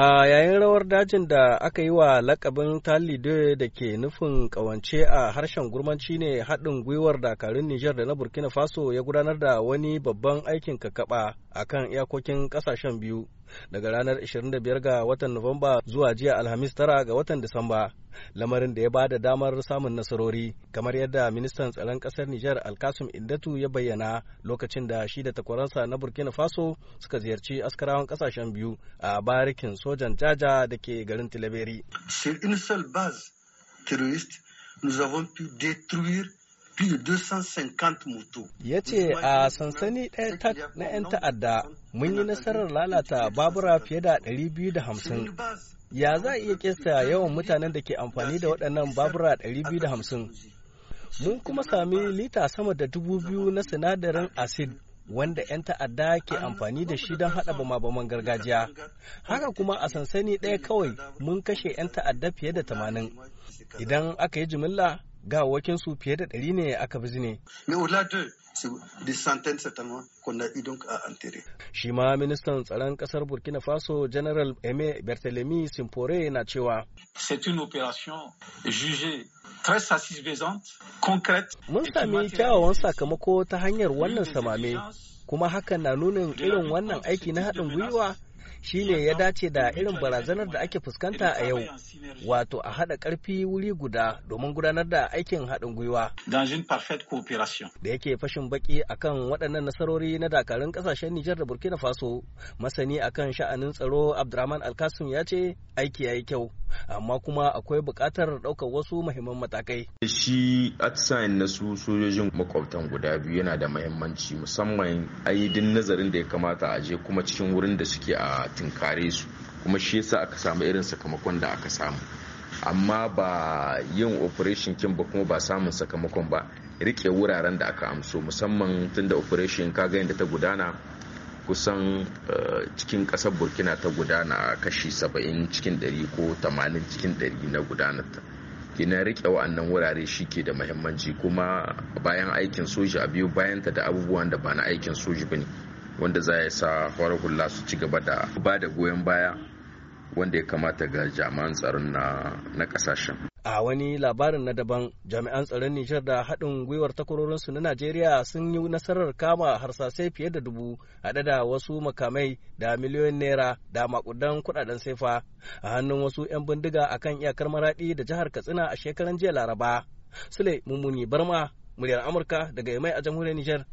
a yayin rawar dajin da aka yi wa lakabin talide da ke nufin kawance a harshen gurmanci ne haɗin gwiwar dakarun nijar da na burkina faso ya gudanar da wani babban aikin kakaba a kan iyakokin ƙasashen biyu daga ranar 25 ga watan Nuwamba zuwa jiya Alhamis tara ga watan Disamba. Lamarin da ya ba da damar samun nasarori, kamar yadda ministan tsaron ƙasar Nijar Alkasim Indatu ya bayyana lokacin da shi da takwaransa na Burkina Faso suka ziyarci askarawan ƙasashen biyu a barikin sojan jaja da ke garin Tilaberi. Sur une seule base terroriste, nous avons pu Ya ce a sansani ɗaya tak na 'yan ta'adda mun yi nasarar lalata babura fiye da 250. Ya za a iya kesa yawan mutanen da ke amfani da waɗannan babura 250. Mun kuma sami lita sama da dubu biyu na sinadarin Asid wanda 'yan ta'adda ke amfani da shi don haɗa bama-baman gargajiya haka kuma a sansani ɗaya kawai mun kashe 'yan ta'adda fiye da tamanin idan aka yi jimilla ga su fiye da ɗari ne aka zine. Shi ma ministan tsaron ƙasar Burkina Faso General eme bertelemi Simpore na cewa. Mun sami kyawawan sakamako ta hanyar wannan samame, kuma hakan na nunin irin wannan aiki na haɗin gwiwa shi ne ya dace da irin barazanar da ake fuskanta a yau wato a haɗa ƙarfi wuri guda domin gudanar da aikin haɗin gwiwa da yake fashin baki akan waɗannan nasarori na dakarun ƙasashen nijar da burkina faso masani akan sha'anin tsaro abdurrahman alkasum ya ce aiki ya yi kyau amma kuma akwai buƙatar ɗaukar wasu muhimman matakai shi atsayin na su sojojin makwabtan guda biyu yana da mahimmanci, musamman aidin nazarin da ya kamata a je kuma cikin wurin da suke a tunkare su kuma shi yasa aka samu irin sakamakon da aka samu amma ba yin operation kin ba kuma ba samun sakamakon ba rike wuraren da aka amso musamman tunda operation kaga yadda ta gudana kusan eh, cikin kasar burkina ta gudana kashi 70 cikin 100 ko 80 cikin 100 na gudanar ta ina rike wa'annan wurare shi ke da mahimmanci kuma bayan aikin soji a biyu bayanta da abubuwan da ba na aikin soji ba ne wanda za ya sa farar hula su ci gaba da ba da goyon baya wanda ya kamata ga jami'an tsaron na na kasashen. A wani labarin na daban jami'an tsaron Nijar da haɗin gwiwar takwarorinsu na Najeriya sun yi nasarar kama harsasai fiye da dubu haɗe da wasu makamai da miliyoyin naira da makudan kudaden saifa. a hannun wasu 'yan bindiga a kan iyakar maraɗi da jihar Katsina a shekaran jiya Laraba. Sule Mummuni Barma, muryar Amurka daga Yamai a jamhuriyar Nijar.